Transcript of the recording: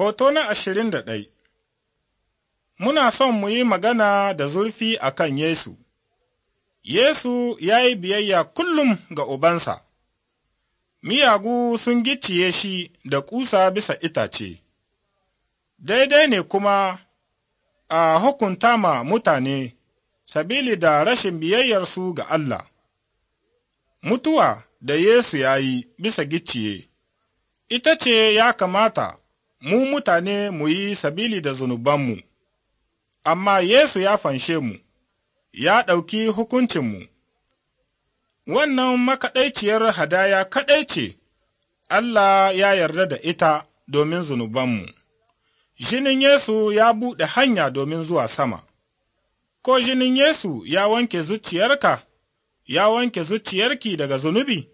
Hoto na ashirin da ɗai Muna son mu yi magana da zurfi a kan Yesu. Yesu ya yi biyayya kullum ga Ubansa, miyagu sun gicciye shi da ƙusa bisa itace, daidai ne kuma a hukunta ma mutane sabili da rashin biyayyarsu ga Allah. Mutuwa da Yesu ya yi bisa gicciye, ita ce ya kamata mu mutane mu yi sabili da zunubanmu, amma Yesu ya fanshe mu, ya ɗauki hukuncinmu. Wannan makaɗaiciyar hadaya kaɗai ce, Allah ya yarda da ita domin zunubanmu. Jinin Yesu ya buɗe hanya domin zuwa sama, ko jinin Yesu ya wanke zuciyarka, ya wanke zuciyarki daga zunubi?